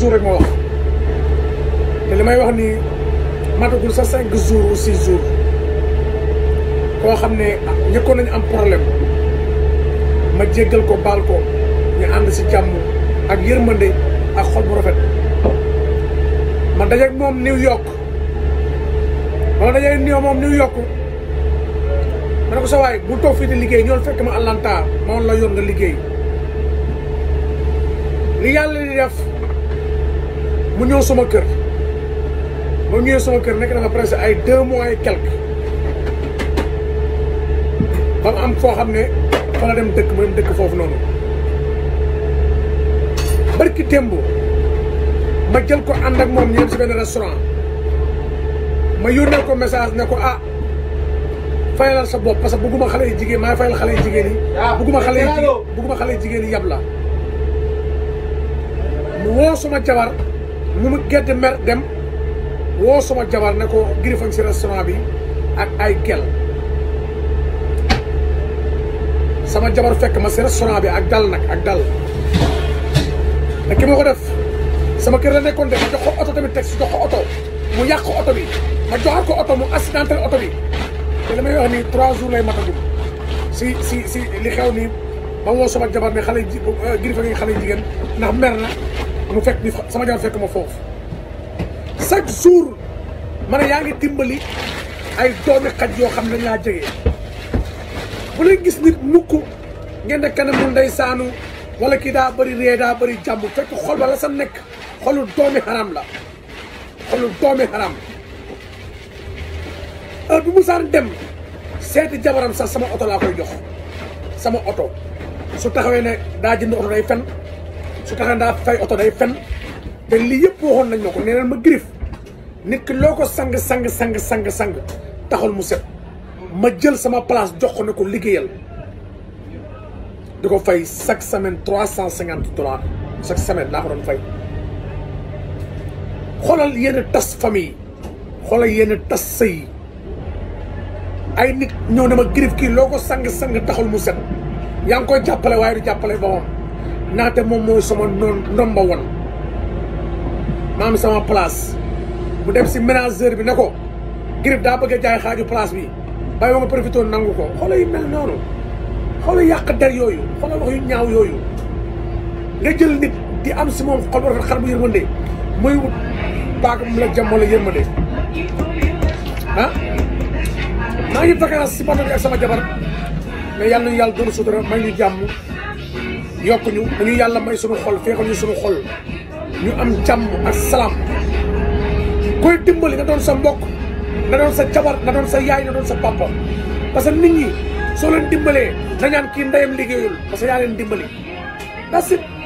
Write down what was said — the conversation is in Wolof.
jours rek ma wax te li may wax ni matagul sa cinq jours ou six jours koo xam ne ñëkkoon nañu am problème ma jéggal ko baal ñu ànd si jàmm ak yërmande ak xol bu rafet ma dajeeg moom New York ma dajeeg nii moom New York ma ne ko sa waay bu toog fii di liggéey ñoon fekk ma Atlanta moo la yoon nga liggéey li yàlla di def mu ñëw suma kër ba mu ñëwee sama kër nekk na fa presque ay deux mois et quelque ba am foo xam ne fa la dem dëkk ma dem dëkk foofu noonu barki démb ma jël ko ànd ak moom ñeem si benn restaurant ma yónnee ko message ne ko ah fayalal sa bopp parce que bëgguma xale yi jigéen maa fayal xale yi jigéen yi ah, bëgguma xale yi bëgguma xale yi jigéen yi yab la mu woo jabar mu mu gedd mer dem woo sama jabar ne ko girifañ si restaurant bi ak ay kel sama jabar fekk ma si restaurant bi ak dal nag ak dal te ki ma ko def sama kër la nekkoon de ma jox ko oto tamit teg si jox ko oto mu yàq ko oto bi ma joxaat ko oto mu accidenté oto bi te li may wax nii trois jours lay matagum si si si li xew nii ba woo sama jabar ne xale ji euh, girifañ xale jigéen ndax mer na mu fekk ni sama jabar fekk ma foofu chaque jour ma yaa ngi dimbali ay doomi xaj yoo xam ne dañ laa jege bu leen gis nit mukk ngeen ne ndey saanu wala kii daa bëri ree daa bëri jàmm fekk xol ba la sa nekk xolu doomi xaram la xolu doomi xaram heure bu musaan dem seeti jabaram sax sama oto laa koy jox sama oto su taxawee ne daa jënd oto day fen su tax daa fay oto day fen te lii yëpp waxoon nañ ma ko nee ma Griff nit ki loo ko sang sang sang sang sang taxul mu set ma jël sama place jox ko ne ko liggéeyal di ko fay chaque semaine trois cent cinquante dollars chaque semaine naa ko doon fay. xoolal yenn tas famille xoolal yenn tas sëy ay nit ñëw ne ma Griff kii loo ko sang sang taxul mu set yaa ngi koy jàppale waaye du jàppale boppam. ndaxte moom mooy sama number one maa am sama place bu dem si ménageur bi ne ko Griff daa bëgg a jaay xaaju place bi bàyyi ma nga profité nangu ko xoola yi mel noonu xoola yàq der yooyu xoola wax yu ñaaw yooyu nga jël nit di am si moom xol bu rafet xar bu yërmande muy la jàmm wala yërmande ah maa ngi vacance si bato bi ak sama jabar mais yàlla na yàlla doon sutura may ñu jàmm yokk ñu dañu yàlla may suñu xol ko ñu suñu xol ñu am jàmm ak salaam koy dimbali na doon sa mbokk na doon sa jabar na doon sa yaay na doon sa papa parce que nit ñi soo leen dimbalee na ñaan kii ndeyam liggéeyul parce que yaa leen dimbali that's it